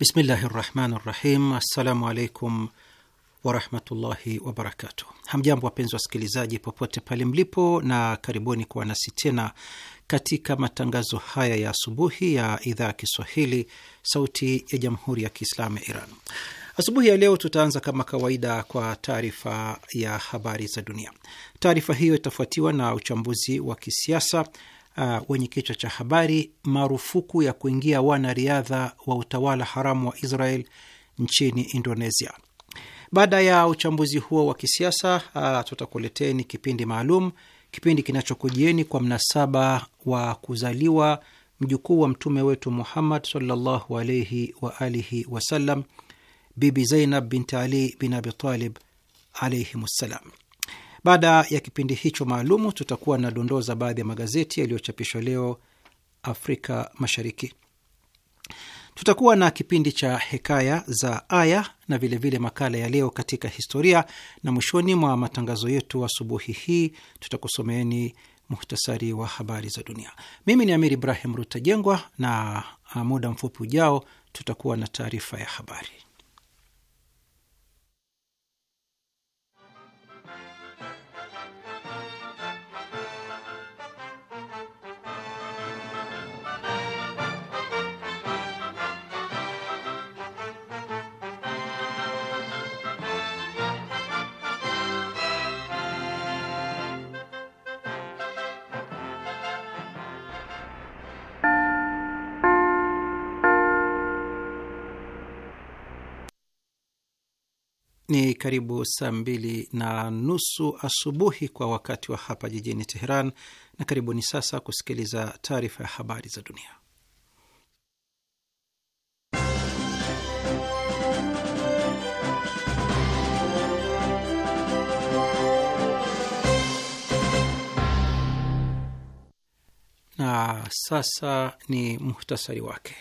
Bismillahi rahmani rahim. Assalamu alaikum warahmatullahi wabarakatuh. Hamjambo wapenzi wasikilizaji, popote pale mlipo, na karibuni kuwa nasi tena katika matangazo haya ya asubuhi ya idhaa ya Kiswahili, Sauti ya Jamhuri ya Kiislamu ya Iran. Asubuhi ya leo tutaanza kama kawaida kwa taarifa ya habari za dunia. Taarifa hiyo itafuatiwa na uchambuzi wa kisiasa uh, wenye kichwa cha habari marufuku ya kuingia wanariadha wa utawala haramu wa Israel nchini Indonesia. Baada ya uchambuzi huo wa kisiasa uh, tutakuleteni kipindi maalum, kipindi kinachokujieni kwa mnasaba wa kuzaliwa mjukuu wa mtume wetu Muhammad sallallahu alaihi wa alihi wasallam, Bibi Zainab binti Ali bin Abi Talib alaihimssalam. Baada ya kipindi hicho maalumu, tutakuwa na dondoo za baadhi ya magazeti yaliyochapishwa leo Afrika Mashariki. Tutakuwa na kipindi cha hekaya za aya na vilevile vile makala ya leo katika historia, na mwishoni mwa matangazo yetu asubuhi hii tutakusomeeni muhtasari wa habari za dunia. Mimi ni Amir Ibrahim Rutajengwa, na muda mfupi ujao tutakuwa na taarifa ya habari. Ni karibu saa mbili na nusu asubuhi kwa wakati wa hapa jijini Teheran, na karibuni sasa kusikiliza taarifa ya habari za dunia. Na sasa ni muhtasari wake.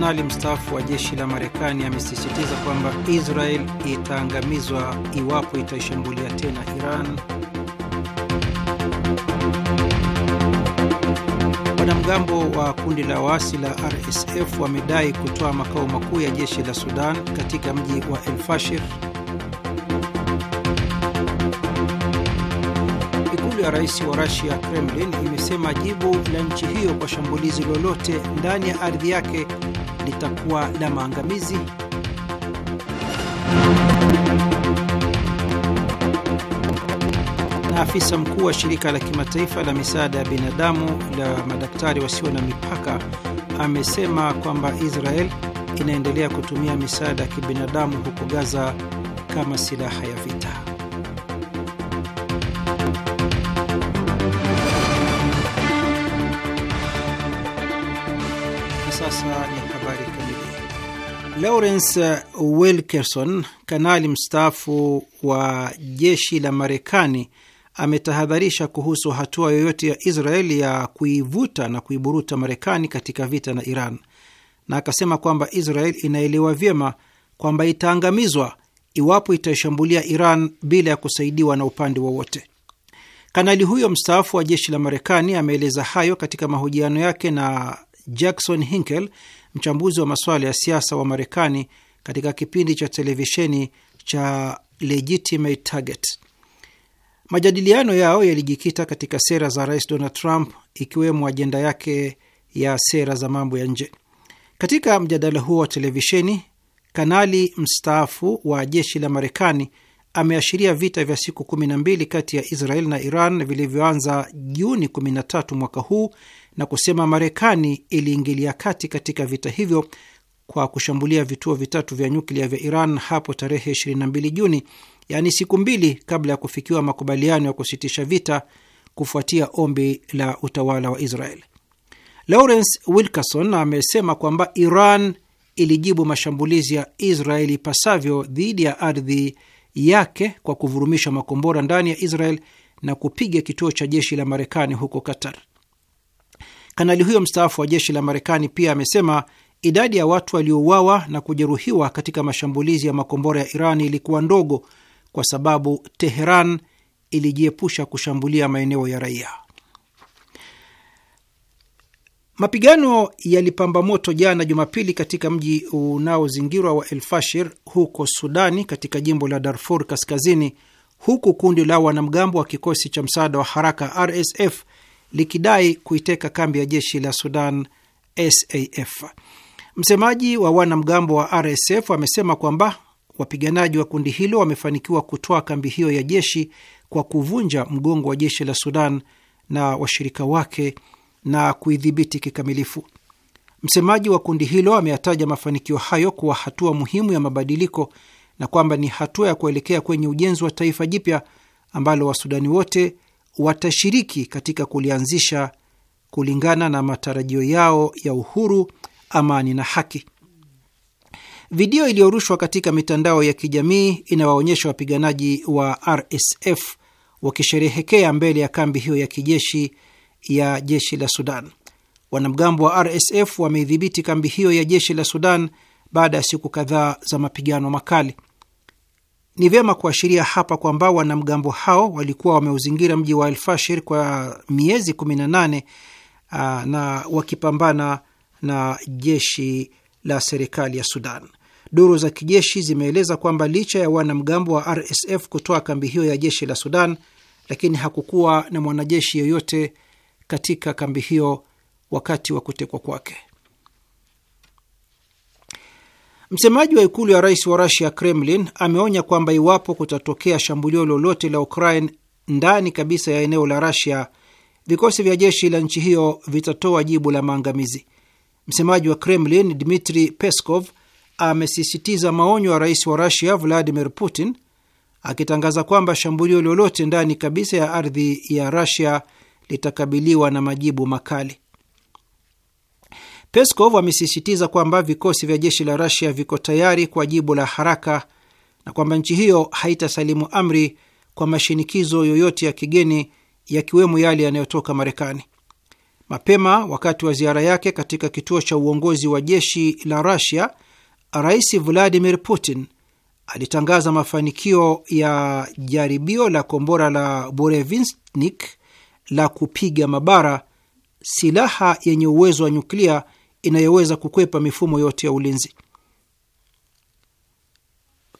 Jenerali mstaafu wa jeshi la Marekani amesisitiza kwamba Israel itaangamizwa iwapo itaishambulia tena Iran. Wanamgambo wa kundi la waasi la RSF wamedai kutoa makao makuu ya jeshi la Sudan katika mji wa El Ikulu ya rais wa Rusia, Kremlin, imesema jibu la nchi hiyo kwa shambulizi lolote ndani ya ardhi yake litakuwa la maangamizi? Na afisa mkuu wa shirika la kimataifa la misaada ya binadamu la madaktari wasio na mipaka amesema kwamba Israel inaendelea kutumia misaada ya kibinadamu huko Gaza kama silaha ya vita. sasa ni habari kamili. Lawrence Wilkerson, kanali mstaafu wa jeshi la Marekani, ametahadharisha kuhusu hatua yoyote ya Israel ya kuivuta na kuiburuta Marekani katika vita na Iran, na akasema kwamba Israel inaelewa vyema kwamba itaangamizwa iwapo itaishambulia Iran bila ya kusaidiwa na upande wowote. Kanali huyo mstaafu wa jeshi la Marekani ameeleza hayo katika mahojiano yake na Jackson Hinkle, mchambuzi wa masuala ya siasa wa Marekani, katika kipindi cha televisheni cha Legitimate Target. Majadiliano yao yalijikita katika sera za Rais Donald Trump, ikiwemo ajenda yake ya sera za mambo ya nje. Katika mjadala huo wa televisheni, kanali mstaafu wa jeshi la Marekani ameashiria vita vya siku 12 kati ya Israel na Iran vilivyoanza Juni 13 mwaka huu na kusema Marekani iliingilia kati katika vita hivyo kwa kushambulia vituo vitatu vya nyuklia vya Iran hapo tarehe 22 Juni, yaani siku mbili kabla ya kufikiwa makubaliano ya kusitisha vita kufuatia ombi la utawala wa Israel. Lawrence Wilkerson amesema kwamba Iran ilijibu mashambulizi ya Israeli ipasavyo dhidi ya ardhi yake kwa kuvurumisha makombora ndani ya Israel na kupiga kituo cha jeshi la Marekani huko Qatar. Kanali huyo mstaafu wa jeshi la Marekani pia amesema idadi ya watu waliouawa na kujeruhiwa katika mashambulizi ya makombora ya Iran ilikuwa ndogo kwa sababu Teheran ilijiepusha kushambulia maeneo ya raia. Mapigano yalipamba moto jana Jumapili katika mji unaozingirwa wa El Fashir huko Sudani, katika jimbo la Darfur Kaskazini, huku kundi la wanamgambo wa kikosi cha msaada wa haraka RSF likidai kuiteka kambi ya jeshi la Sudan SAF. Msemaji wa wanamgambo wa RSF amesema kwamba wapiganaji wa kundi hilo wamefanikiwa kutoa kambi hiyo ya jeshi kwa kuvunja mgongo wa jeshi la Sudan na washirika wake na kuidhibiti kikamilifu. Msemaji wa kundi hilo ameyataja mafanikio hayo kuwa hatua muhimu ya mabadiliko na kwamba ni hatua ya kuelekea kwenye ujenzi wa taifa jipya ambalo Wasudani wote watashiriki katika kulianzisha kulingana na matarajio yao ya uhuru, amani na haki. Video iliyorushwa katika mitandao ya kijamii inawaonyesha wapiganaji wa RSF wakisherehekea mbele ya kambi hiyo ya kijeshi ya jeshi la Sudan. Wanamgambo wa RSF wameidhibiti kambi hiyo ya jeshi la Sudan baada ya siku kadhaa za mapigano makali. Ni vyema kuashiria hapa kwamba wanamgambo hao walikuwa wameuzingira mji wa Elfashir kwa miezi 18 uh, na wakipambana na jeshi la serikali ya Sudan. Duru za kijeshi zimeeleza kwamba licha ya wanamgambo wa RSF kutoa kambi hiyo ya jeshi la Sudan, lakini hakukuwa na mwanajeshi yeyote katika kambi hiyo wakati wa kutekwa kwake. Msemaji wa ikulu ya rais wa Rusia, Kremlin, ameonya kwamba iwapo kutatokea shambulio lolote la Ukraine ndani kabisa ya eneo la Rusia, vikosi vya jeshi la nchi hiyo vitatoa jibu la maangamizi. Msemaji wa Kremlin, Dmitri Peskov, amesisitiza maonyo ya rais wa Rusia, Vladimir Putin, akitangaza kwamba shambulio lolote ndani kabisa ya ardhi ya Rusia litakabiliwa na majibu makali. Peskov amesisitiza kwamba vikosi vya jeshi la Rasia viko tayari kwa jibu la haraka na kwamba nchi hiyo haitasalimu amri kwa mashinikizo yoyote ya kigeni yakiwemo yale yanayotoka Marekani. Mapema wakati wa ziara yake katika kituo cha uongozi wa jeshi la Rasia, Rais Vladimir Putin alitangaza mafanikio ya jaribio la kombora la Burevestnik la kupiga mabara, silaha yenye uwezo wa nyuklia inayoweza kukwepa mifumo yote ya ulinzi.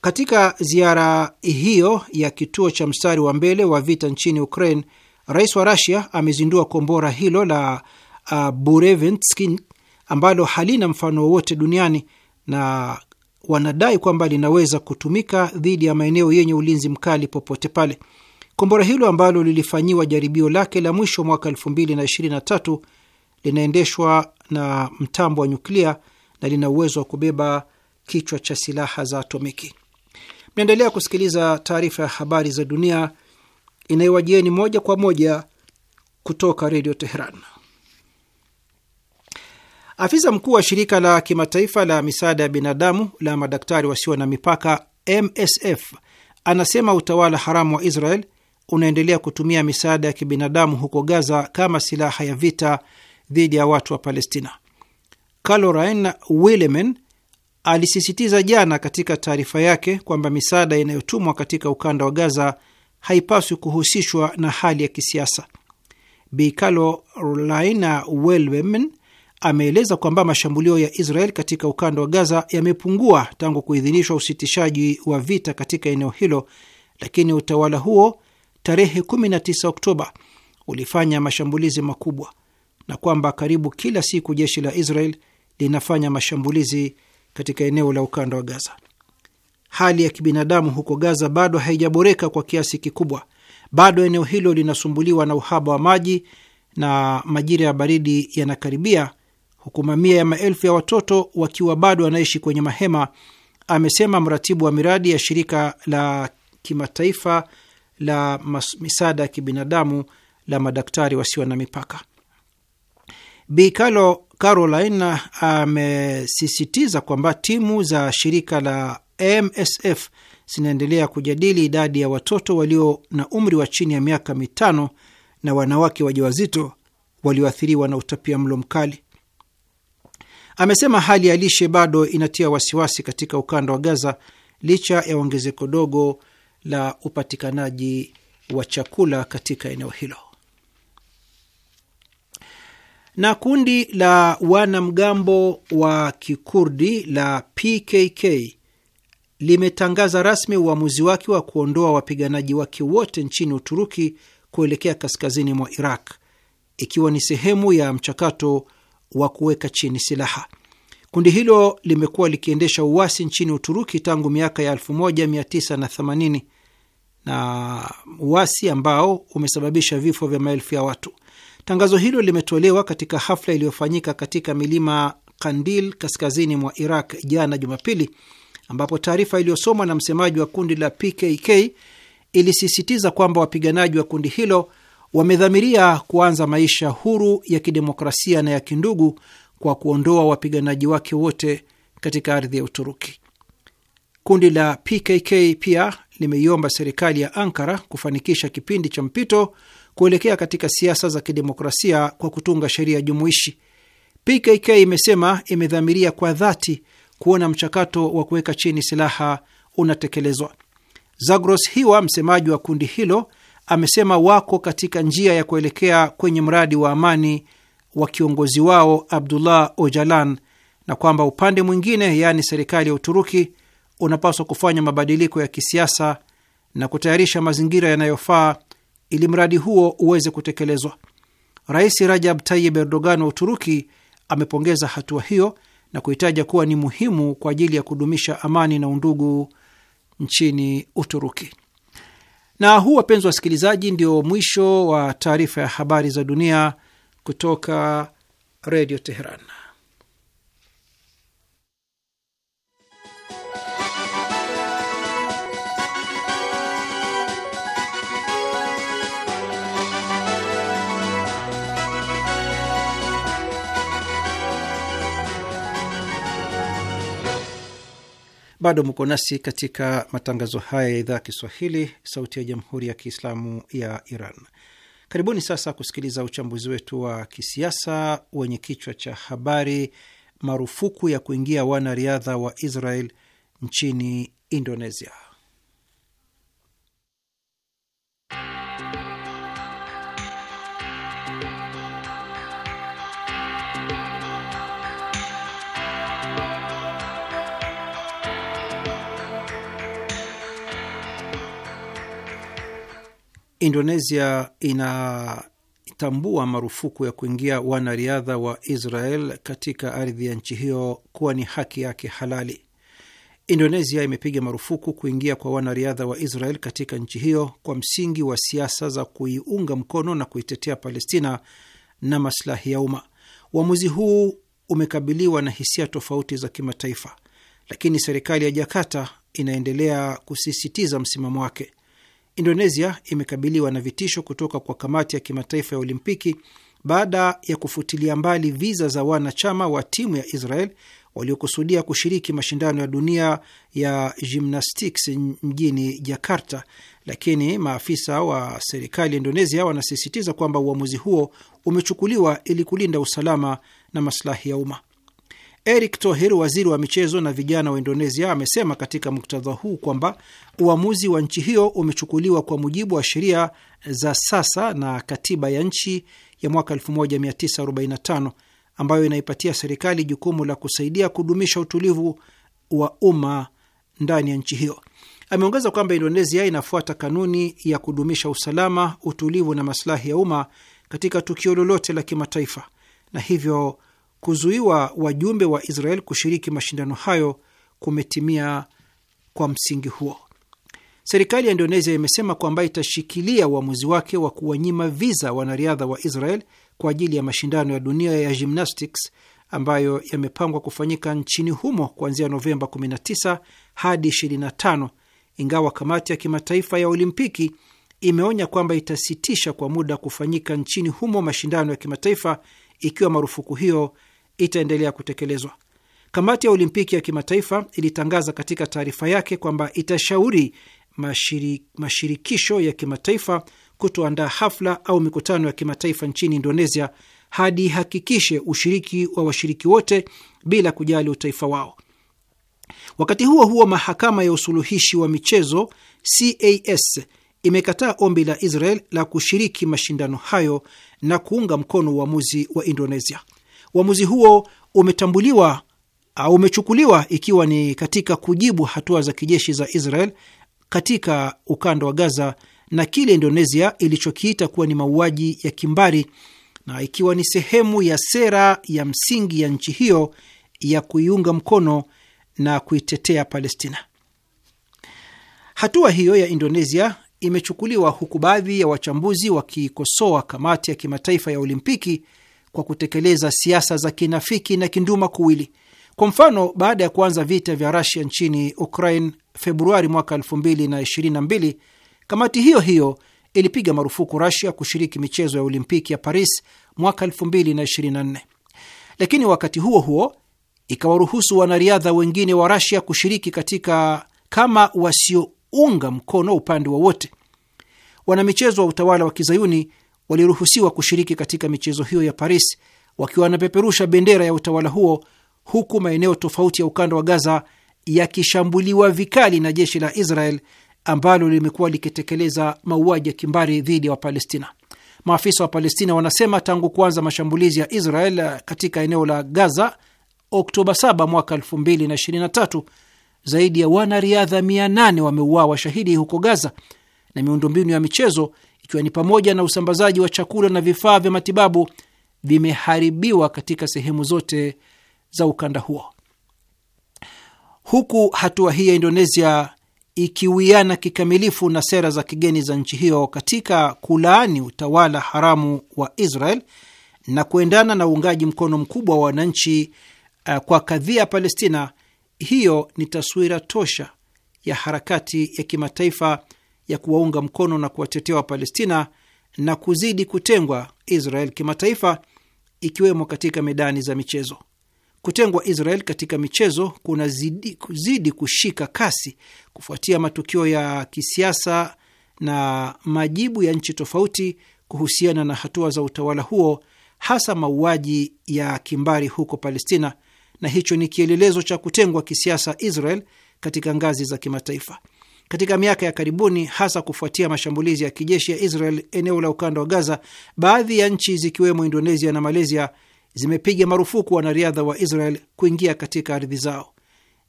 Katika ziara hiyo ya kituo cha mstari wa mbele wa vita nchini Ukraine, rais wa Rasia amezindua kombora hilo la uh, Burevestnik ambalo halina mfano wowote duniani na wanadai kwamba linaweza kutumika dhidi ya maeneo yenye ulinzi mkali popote pale. Kombora hilo ambalo lilifanyiwa jaribio lake la mwisho mwaka 2023 linaendeshwa na mtambo wa nyuklia na lina uwezo wa kubeba kichwa cha silaha za atomiki. Mnaendelea kusikiliza taarifa ya habari za dunia inayowajieni moja kwa moja kutoka redio Teheran. Afisa mkuu wa shirika la kimataifa la misaada ya binadamu la madaktari wasio na mipaka MSF anasema utawala haramu wa Israel unaendelea kutumia misaada ya kibinadamu huko Gaza kama silaha ya vita dhidi ya watu wa Palestina. Calorin Willemen alisisitiza jana katika taarifa yake kwamba misaada inayotumwa katika ukanda wa Gaza haipaswi kuhusishwa na hali ya kisiasa. Bi Carolina Willemen ameeleza kwamba mashambulio ya Israel katika ukanda wa Gaza yamepungua tangu kuidhinishwa usitishaji wa vita katika eneo hilo, lakini utawala huo tarehe 19 Oktoba ulifanya mashambulizi makubwa na kwamba karibu kila siku jeshi la Israel linafanya mashambulizi katika eneo la ukanda wa Gaza. Hali ya kibinadamu huko Gaza bado haijaboreka kwa kiasi kikubwa. Bado eneo hilo linasumbuliwa na uhaba wa maji na majira ya baridi yanakaribia, huku mamia ya maelfu ya watoto wakiwa bado wanaishi kwenye mahema, amesema mratibu wa miradi ya shirika la kimataifa la misaada ya kibinadamu la madaktari wasio na mipaka. Bi Caroline amesisitiza kwamba timu za shirika la MSF zinaendelea kujadili idadi ya watoto walio na umri wa chini ya miaka mitano na wanawake wajawazito walioathiriwa na utapia mlo mkali. Amesema hali ya lishe bado inatia wasiwasi katika ukanda wa Gaza licha ya ongezeko dogo la upatikanaji wa chakula katika eneo hilo na kundi la wanamgambo wa kikurdi la PKK limetangaza rasmi uamuzi wake wa kuondoa wapiganaji wake wote nchini Uturuki kuelekea kaskazini mwa Iraq, ikiwa ni sehemu ya mchakato wa kuweka chini silaha. Kundi hilo limekuwa likiendesha uasi nchini Uturuki tangu miaka ya 1980 na uasi ambao umesababisha vifo vya maelfu ya watu. Tangazo hilo limetolewa katika hafla iliyofanyika katika milima Kandil kaskazini mwa Iraq jana Jumapili, ambapo taarifa iliyosomwa na msemaji wa kundi la PKK ilisisitiza kwamba wapiganaji wa kundi hilo wamedhamiria kuanza maisha huru ya kidemokrasia na ya kindugu kwa kuondoa wapiganaji wake wote katika ardhi ya Uturuki. Kundi la PKK pia limeiomba serikali ya Ankara kufanikisha kipindi cha mpito kuelekea katika siasa za kidemokrasia kwa kutunga sheria jumuishi. PKK imesema imedhamiria kwa dhati kuona mchakato wa kuweka chini silaha unatekelezwa. Zagros Hiwa, msemaji wa kundi hilo, amesema wako katika njia ya kuelekea kwenye mradi wa amani wa kiongozi wao Abdullah Ojalan na kwamba upande mwingine, yaani serikali ya Uturuki, unapaswa kufanya mabadiliko ya kisiasa na kutayarisha mazingira yanayofaa ili mradi huo uweze kutekelezwa. Rais Rajab Tayyip Erdogan wa Uturuki amepongeza hatua hiyo na kuhitaja kuwa ni muhimu kwa ajili ya kudumisha amani na undugu nchini Uturuki. Na huu, wapenzi wa wasikilizaji, ndio mwisho wa taarifa ya habari za dunia kutoka Redio Teheran. Bado mko nasi katika matangazo haya ya idhaa ya Kiswahili, sauti ya jamhuri ya kiislamu ya Iran. Karibuni sasa kusikiliza uchambuzi wetu wa kisiasa wenye kichwa cha habari, marufuku ya kuingia wanariadha wa Israel nchini Indonesia. Indonesia inatambua marufuku ya kuingia wanariadha wa Israel katika ardhi ya nchi hiyo kuwa ni haki yake halali. Indonesia imepiga marufuku kuingia kwa wanariadha wa Israel katika nchi hiyo kwa msingi wa siasa za kuiunga mkono na kuitetea Palestina na maslahi ya umma. Uamuzi huu umekabiliwa na hisia tofauti za kimataifa, lakini serikali ya Jakarta inaendelea kusisitiza msimamo wake. Indonesia imekabiliwa na vitisho kutoka kwa kamati ya kimataifa ya Olimpiki baada ya kufutilia mbali viza za wanachama wa timu ya Israel waliokusudia kushiriki mashindano ya dunia ya gymnastics mjini Jakarta, lakini maafisa wa serikali ya Indonesia wanasisitiza kwamba uamuzi huo umechukuliwa ili kulinda usalama na maslahi ya umma. Eric Thohir, waziri wa michezo na vijana wa Indonesia, amesema katika muktadha huu kwamba uamuzi wa nchi hiyo umechukuliwa kwa mujibu wa sheria za sasa na katiba ya nchi ya mwaka 1945 ambayo inaipatia serikali jukumu la kusaidia kudumisha utulivu wa umma ndani ya nchi hiyo. Ameongeza kwamba Indonesia inafuata kanuni ya kudumisha usalama, utulivu na masilahi ya umma katika tukio lolote la kimataifa na hivyo kuzuiwa wajumbe wa Israel kushiriki mashindano hayo kumetimia kwa msingi huo. Serikali ya Indonesia imesema kwamba itashikilia uamuzi wake wa kuwanyima viza wanariadha wa Israel kwa ajili ya mashindano ya dunia ya gymnastics ambayo yamepangwa kufanyika nchini humo kuanzia Novemba 19 hadi 25, ingawa kamati ya kimataifa ya Olimpiki imeonya kwamba itasitisha kwa muda kufanyika nchini humo mashindano ya kimataifa ikiwa marufuku hiyo itaendelea kutekelezwa. Kamati ya Olimpiki ya Kimataifa ilitangaza katika taarifa yake kwamba itashauri mashiri, mashirikisho ya kimataifa kutoandaa hafla au mikutano ya kimataifa nchini Indonesia hadi ihakikishe ushiriki wa washiriki wote bila kujali utaifa wao. Wakati huo huo, mahakama ya usuluhishi wa michezo CAS imekataa ombi la Israel la kushiriki mashindano hayo na kuunga mkono uamuzi wa Indonesia. Uamuzi huo umetambuliwa au umechukuliwa ikiwa ni katika kujibu hatua za kijeshi za Israel katika ukanda wa Gaza na kile Indonesia ilichokiita kuwa ni mauaji ya kimbari na ikiwa ni sehemu ya sera ya msingi ya nchi hiyo ya kuiunga mkono na kuitetea Palestina. Hatua hiyo ya Indonesia imechukuliwa huku baadhi ya wachambuzi wakikosoa kamati ya kimataifa ya Olimpiki kwa kutekeleza siasa za kinafiki na kinduma kuwili. Kwa mfano, baada ya kuanza vita vya Rusia nchini Ukraine Februari mwaka 2022, kamati hiyo hiyo ilipiga marufuku Rusia kushiriki michezo ya Olimpiki ya Paris mwaka 2024, lakini wakati huo huo ikawaruhusu wanariadha wengine wa Rusia kushiriki katika kama wasiounga mkono upande wowote. Wanamichezo wa utawala wa kizayuni waliruhusiwa kushiriki katika michezo hiyo ya Paris wakiwa wanapeperusha bendera ya utawala huo, huku maeneo tofauti ya ukanda wa Gaza yakishambuliwa vikali na jeshi la Israel ambalo limekuwa likitekeleza mauaji ya kimbari dhidi ya Wapalestina. Maafisa wa Palestina wanasema tangu kuanza mashambulizi ya Israel katika eneo la Gaza Oktoba 7 mwaka 2023, zaidi ya wanariadha 800 wameuawa shahidi huko Gaza na miundombinu ya michezo ikiwa ni pamoja na usambazaji wa chakula na vifaa vya matibabu vimeharibiwa katika sehemu zote za ukanda huo, huku hatua hii ya Indonesia ikiwiana kikamilifu na sera za kigeni za nchi hiyo katika kulaani utawala haramu wa Israel na kuendana na uungaji mkono mkubwa wa wananchi uh, kwa kadhia ya Palestina. Hiyo ni taswira tosha ya harakati ya kimataifa ya kuwaunga mkono na kuwatetea Wapalestina na kuzidi kutengwa Israel kimataifa, ikiwemo katika medani za michezo. Kutengwa Israel katika michezo kunazidi kuzidi kushika kasi kufuatia matukio ya kisiasa na majibu ya nchi tofauti kuhusiana na hatua za utawala huo, hasa mauaji ya kimbari huko Palestina, na hicho ni kielelezo cha kutengwa kisiasa Israel katika ngazi za kimataifa katika miaka ya karibuni, hasa kufuatia mashambulizi ya kijeshi ya Israel eneo la ukanda wa Gaza, baadhi ya nchi zikiwemo Indonesia na Malaysia zimepiga marufuku wanariadha wa Israel kuingia katika ardhi zao.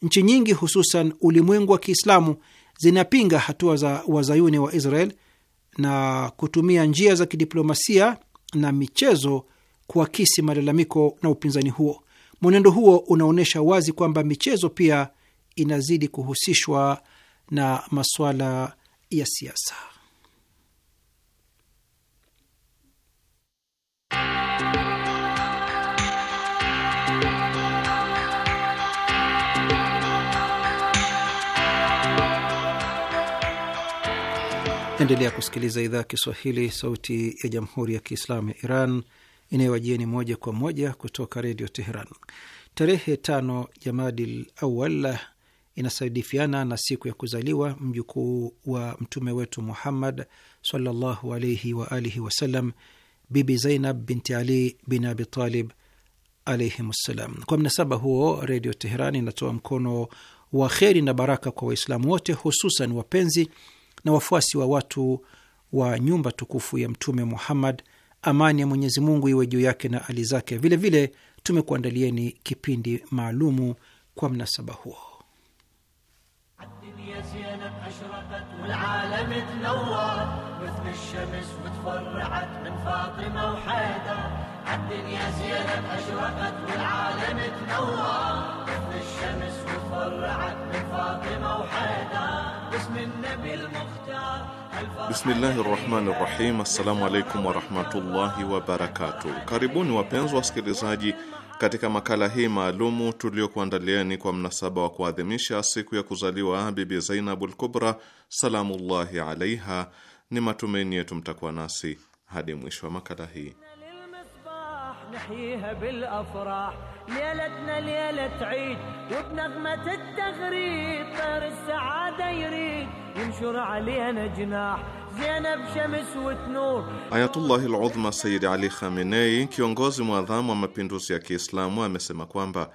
Nchi nyingi, hususan ulimwengu wa Kiislamu, zinapinga hatua za wazayuni wa Israel na kutumia njia za kidiplomasia na michezo kuakisi malalamiko na upinzani huo. Mwenendo huo unaonyesha wazi kwamba michezo pia inazidi kuhusishwa na masuala ya siasa. Endelea kusikiliza idhaa ya Kiswahili, sauti ya jamhuri ya kiislamu ya Iran inayowajieni moja kwa moja kutoka redio Teheran. Tarehe tano Jamadil Awal inasadifiana na siku ya kuzaliwa mjukuu wa mtume wetu Muhammad sallallahu alaihi wa alihi wasallam, Bibi Zainab binti Ali bin Abitalib alaihimssalam. Kwa mnasaba huo, Redio Teheran inatoa mkono wa kheri na baraka kwa Waislamu wote, hususan wapenzi na wafuasi wa watu wa nyumba tukufu ya Mtume Muhammad, amani ya Mwenyezi Mungu iwe juu yake na ali zake. Vilevile tumekuandalieni kipindi maalumu kwa mnasaba huo. زينب أشرقت والعالم تنور مثل الشمس وتفرعت من فاطمة وحيدر عالدنيا زينب أشرقت والعالم تنور مثل الشمس وتفرعت من فاطمة وحيدر باسم النبي المختار بسم الله الرحمن الرحيم. عليكم ورحمة الله وبركاته كاربون wapenzi wasikilizaji katika makala hii maalumu tuliyokuandalieni kwa mnasaba wa kuadhimisha siku ya kuzaliwa Bibi zainabu lkubra salamullahi alaiha, ni matumaini yetu mtakuwa nasi hadi mwisho wa makala hii. Ayatullah al-Udhma Sayyid Ali Khamenei, kiongozi mwadhamu wa mapinduzi ya Kiislamu, amesema kwamba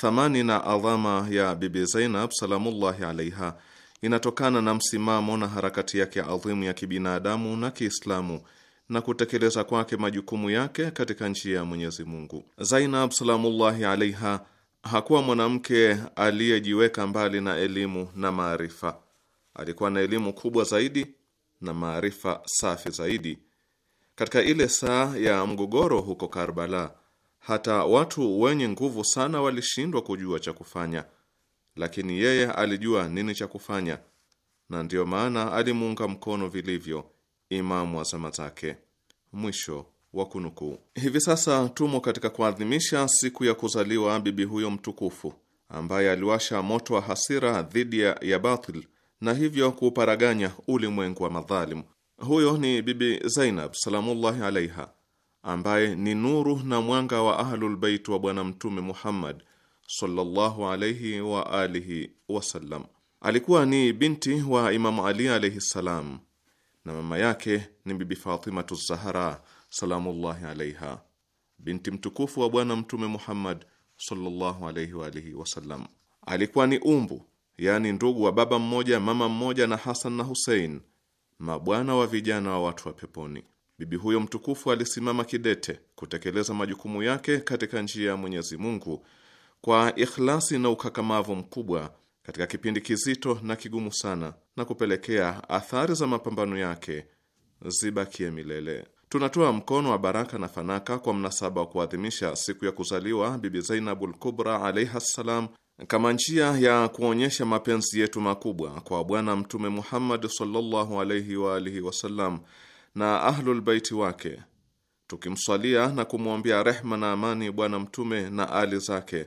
thamani na adhama ya Bibi Zainab salamullahi alaiha inatokana na msimamo na harakati yake adhimu ya kibinadamu na Kiislamu na kutekeleza kwake majukumu yake katika njia ya Mwenyezi Mungu. Zainab salamullahi alaiha hakuwa mwanamke aliyejiweka mbali na elimu na maarifa. Alikuwa na elimu kubwa zaidi na maarifa safi zaidi. Katika ile saa ya mgogoro huko Karbala, hata watu wenye nguvu sana walishindwa kujua cha kufanya, lakini yeye alijua nini cha kufanya, na ndiyo maana alimuunga mkono vilivyo imamu wa zama zake. Mwisho wa kunukuu. Hivi sasa tumo katika kuadhimisha siku ya kuzaliwa bibi huyo mtukufu ambaye aliwasha moto wa hasira dhidi ya batil na hivyo kuuparaganya ulimwengu wa madhalimu. Huyo ni Bibi Zainab salamullahi alaiha, ambaye ni nuru na mwanga wa Ahlulbeit wa Bwana Mtume Muhammad sallallahu alaihi wa alihi wasallam. Alikuwa ni binti wa Imamu Ali alaihi salam, na mama yake ni Bibi Fatimatu Zahara salamullahi alaiha, binti mtukufu wa Bwana Mtume Muhammad sallallahu alaihi wa alihi wasallam. Alikuwa ni umbu yaani ndugu wa baba mmoja mama mmoja na Hasan na Husein, mabwana wa vijana wa watu wa peponi. Bibi huyo mtukufu alisimama kidete kutekeleza majukumu yake katika njia ya Mwenyezi Mungu kwa ikhlasi na ukakamavu mkubwa katika kipindi kizito na kigumu sana, na kupelekea athari za mapambano yake zibakie milele. Tunatoa mkono wa baraka na fanaka kwa mnasaba wa kuadhimisha siku ya kuzaliwa Bibi Zainabul Kubra alaiha ssalam, kama njia ya kuonyesha mapenzi yetu makubwa kwa Bwana Mtume Muhammad sallallahu alaihi wa alihi wasallam na Ahlulbaiti wake, tukimswalia na kumwombea rehma na amani Bwana Mtume na ali zake,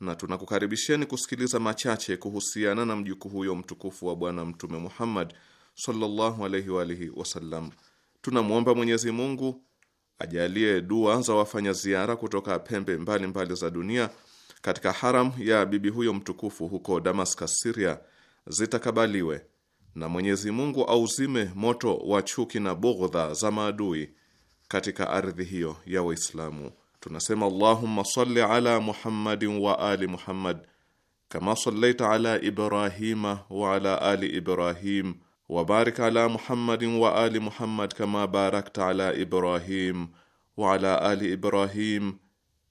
na tunakukaribisheni kusikiliza machache kuhusiana na mjukuu huyo mtukufu wa Bwana Mtume Muhammad sallallahu alaihi wa alihi wasallam. Tunamwomba Mwenyezi Mungu ajalie dua za wafanya ziara kutoka pembe mbalimbali mbali za dunia katika haram ya bibi huyo mtukufu huko Damascus, Syria zitakabaliwe na Mwenyezi Mungu auzime moto wa chuki na bughdha za maadui katika ardhi hiyo ya Waislamu. Tunasema Allahumma salli ala Muhammadin wa ali Muhammad kama sallaita ala Ibrahima wa ala ali Ibrahim wa barik ala Muhammadin wa ali Muhammad kama barakta ala Ibrahim wa ala ali Ibrahim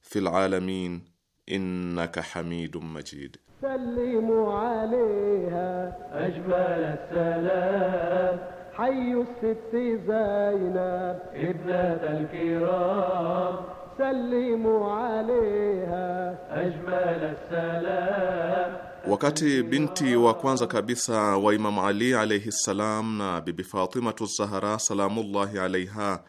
fil alamin innaka hamidun majid. Sallimu alayha ajmal assalam hayu sitti Zainab ibnat alkiram sallimu alayha ajmal assalam Wakati binti wa kwanza kabisa wa imam Ali alayhi salam na Bibi Fatimatu Zahra salamullahi alaiha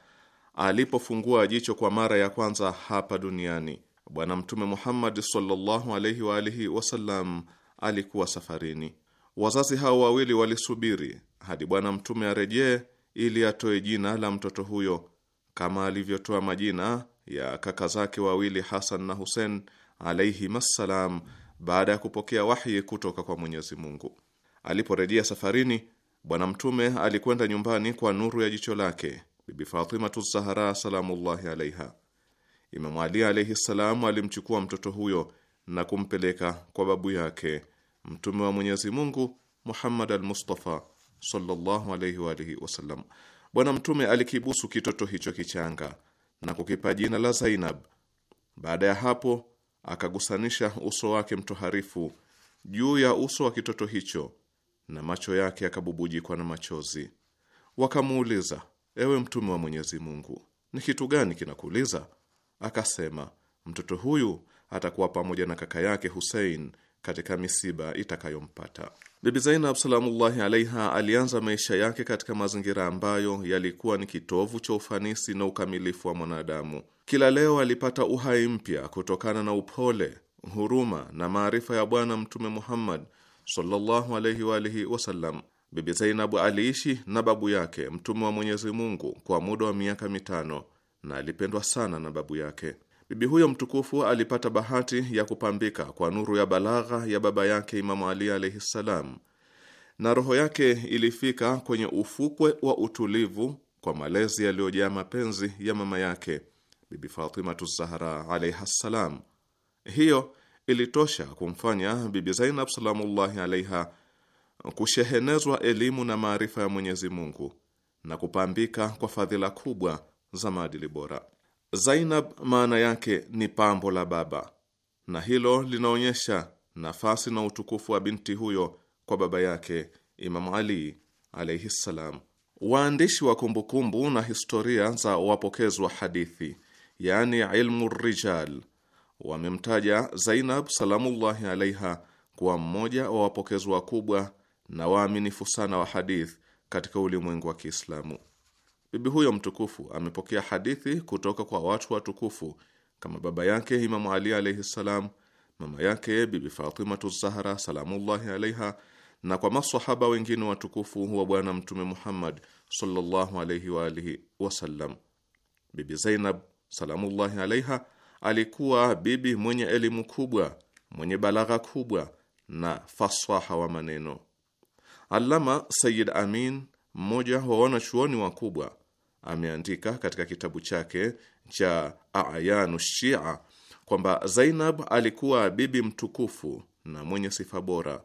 alipofungua jicho kwa mara ya kwanza hapa duniani Bwana Mtume Muhammad sallallahu alaihi wa alihi wasallam alikuwa safarini. Wazazi hao wawili walisubiri hadi Bwana Mtume arejee ili atoe jina la mtoto huyo kama alivyotoa majina ya kaka zake wawili Hasan na Husen alaihimassalam, baada ya kupokea wahyi kutoka kwa Mwenyezi Mungu. Aliporejea safarini, Bwana Mtume alikwenda nyumbani kwa nuru ya jicho lake Bibi Fatimatu Zahara salamullahi alaiha. Imamu Ali alaihi salam alimchukua mtoto huyo na kumpeleka kwa babu yake Mtume wa Mwenyezi Mungu Muhammad al-Mustafa sallallahu alaihi wa alihi wasallam. Bwana Mtume alikibusu kitoto hicho kichanga na kukipa jina la Zainab. Baada ya hapo, akagusanisha uso wake mtoharifu juu ya uso wa kitoto hicho na macho yake yakabubujikwa na machozi. Wakamuuliza, ewe Mtume wa Mwenyezi Mungu, ni kitu gani kinakuuliza? akasema, mtoto huyu atakuwa pamoja na kaka yake Hussein katika misiba itakayompata. Bibi Zainab salamullahi alaiha alianza maisha yake katika mazingira ambayo yalikuwa ni kitovu cha ufanisi na ukamilifu wa mwanadamu. Kila leo alipata uhai mpya kutokana na upole, huruma na maarifa ya Bwana Mtume Muhammad sallallahu alaihi wa alihi wasallam. Bibi Zainab aliishi na babu yake Mtume wa Mwenyezi Mungu kwa muda wa miaka mitano na alipendwa sana na babu yake. Bibi huyo mtukufu alipata bahati ya kupambika kwa nuru ya balagha ya baba yake Imamu Ali alaihi ssalam, na roho yake ilifika kwenye ufukwe wa utulivu kwa malezi yaliyojaa mapenzi ya mama yake Bibi Fatimatu Zahra alaiha ssalam. Hiyo ilitosha kumfanya Bibi Zainab salamullahi alaiha kushehenezwa elimu na maarifa ya Mwenyezi Mungu na kupambika kwa fadhila kubwa za maadili bora. Zainab maana yake ni pambo la baba, na hilo linaonyesha nafasi na utukufu wa binti huyo kwa baba yake Imamu Ali alaihi ssalam. Waandishi wa kumbukumbu na historia za wapokezi wa hadithi, yani ilmu rijal, wamemtaja Zainab salamullahi alaiha kuwa mmoja wa wapokezi wakubwa na waaminifu sana wa hadith katika ulimwengu wa Kiislamu. Bibi huyo mtukufu amepokea hadithi kutoka kwa watu watukufu kama baba yake Imamu Ali alaihi ssalam, mama yake Bibi Fatimatu Zahra salamullahi alaiha, na kwa maswahaba wengine watukufu wa Bwana Mtume Muhammad sallallahu alaihi wa alihi wasallam. Bibi Zainab salamullahi alaiha alikuwa bibi mwenye elimu kubwa, mwenye balagha kubwa na fasaha wa maneno. Allama Sayyid Amin, mmoja wa wanachuoni wakubwa ameandika katika kitabu chake cha Ayanu Shia kwamba Zainab alikuwa bibi mtukufu na mwenye sifa bora.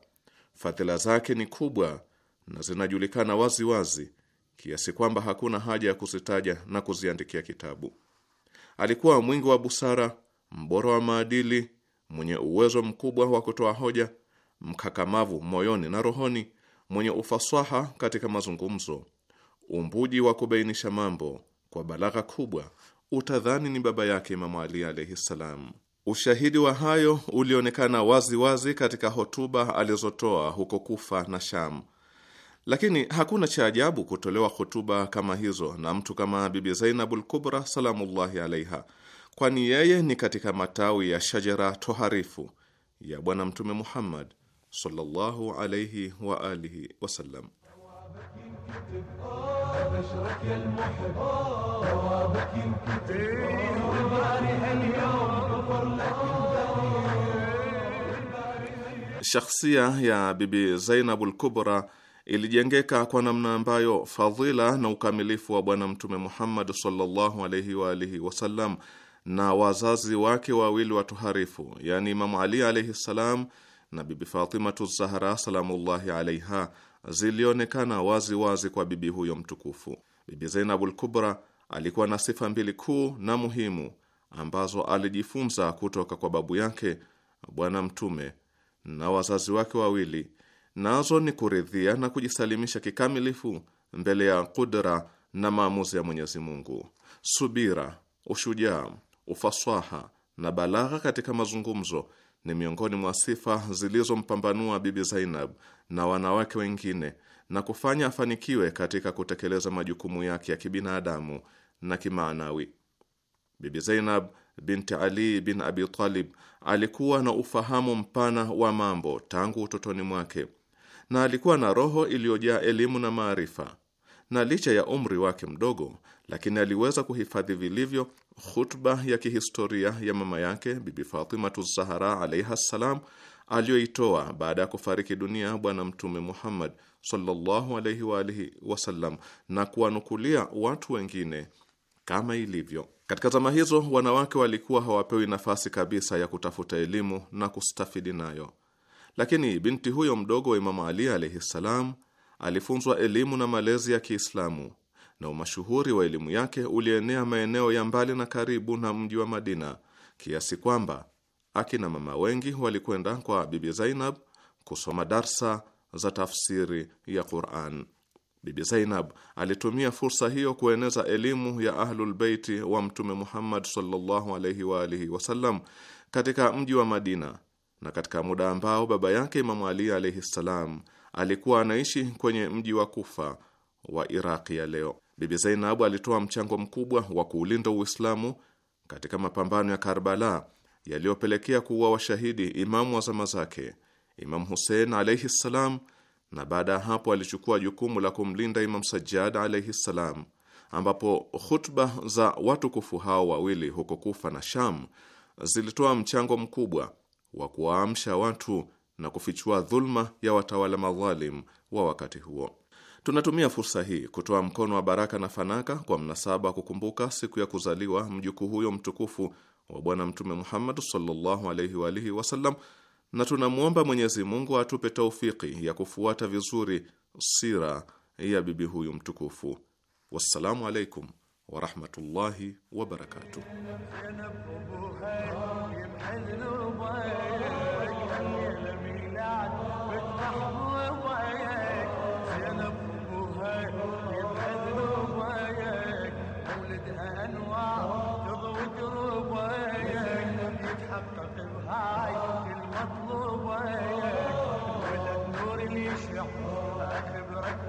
Fadhila zake ni kubwa na zinajulikana wazi wazi kiasi kwamba hakuna haja ya kuzitaja na kuziandikia kitabu. Alikuwa mwingi wa busara, mbora wa maadili, mwenye uwezo mkubwa wa kutoa hoja, mkakamavu moyoni na rohoni, mwenye ufasaha katika mazungumzo umbuji wa kubainisha mambo kwa balagha kubwa, utadhani ni baba yake Imamu Ali alaihi ssalam. Ushahidi wa hayo ulionekana wazi wazi katika hotuba alizotoa huko Kufa na Sham, lakini hakuna cha ajabu kutolewa hotuba kama hizo na mtu kama Bibi Zainabul Kubra salamullahi alaiha, kwani yeye ni katika matawi ya shajara toharifu ya Bwana Mtume Muhammad sallallahu alaihi wa alihi wasallam. Shakhsia ya Bibi zainabu Kubra ilijengeka kwa namna ambayo fadhila na ukamilifu wa Bwana Mtume Muhammad sallallahu alaihi wa alihi wasallam na wazazi wake wawili watuharifu, yani Imamu Ali alaihi salam na Bibi Fatimatu Zahra salamullahi alaiha zilionekana wazi wazi kwa bibi huyo mtukufu. Bibi Zainabul Kubra alikuwa na sifa mbili kuu na muhimu ambazo alijifunza kutoka kwa babu yake Bwana Mtume na wazazi wake wawili, nazo ni kuridhia na kujisalimisha kikamilifu mbele ya kudra na maamuzi ya Mwenyezi Mungu, subira, ushujaa, ufaswaha na balagha katika mazungumzo ni miongoni mwa sifa zilizompambanua Bibi Zainab na wanawake wengine na kufanya afanikiwe katika kutekeleza majukumu yake ya kibinadamu na kimaanawi. Bibi Zainab binti Ali bin Abi Talib alikuwa na ufahamu mpana wa mambo tangu utotoni mwake na alikuwa na roho iliyojaa elimu na maarifa, na licha ya umri wake mdogo lakini aliweza kuhifadhi vilivyo khutba ya kihistoria ya mama yake Bibi Fatimatu Zahara alaiha ssalam aliyoitoa baada ya kufariki dunia Bwana Mtume Muhammad sallallahu alaihi wa alihi wasallam na kuwanukulia watu wengine kama ilivyo katika zama hizo. Wanawake walikuwa hawapewi nafasi kabisa ya kutafuta elimu na kustafidi nayo, lakini binti huyo mdogo wa Imamu Ali alaihi ssalam alifunzwa elimu na malezi ya Kiislamu na umashuhuri wa elimu yake ulienea maeneo ya mbali na karibu na mji wa Madina, kiasi kwamba akina mama wengi walikwenda kwa Bibi Zainab kusoma darsa za tafsiri ya Quran. Bibi Zainab alitumia fursa hiyo kueneza elimu ya Ahlulbeiti wa Mtume Muhammad sallallahu alaihi wa alihi wasallam katika mji wa Madina, na katika muda ambao baba yake Imamu Ali alaihi ssalam alikuwa anaishi kwenye mji wa Kufa wa Iraqi ya leo. Bibi Zainabu alitoa mchango mkubwa wa kuulinda Uislamu katika mapambano ya Karbala yaliyopelekea kuua washahidi imamu wa zama zake, Imamu Husein alaihi ssalam, na baada ya hapo alichukua jukumu la kumlinda Imamu Sajjad alaihi ssalam, ambapo khutba za watukufu hao wawili huko Kufa na Sham zilitoa mchango mkubwa wa kuwaamsha watu na kufichua dhulma ya watawala madhalim wa wakati huo. Tunatumia fursa hii kutoa mkono wa baraka na fanaka kwa mnasaba wa kukumbuka siku ya kuzaliwa mjukuu huyo mtukufu wa Bwana Mtume Muhammad sallallahu alaihi wa alihi wasallam, na tunamwomba Mwenyezi Mungu atupe taufiki ya kufuata vizuri sira ya bibi huyu mtukufu. Wassalamu alaikum warahmatullahi wabarakatuh.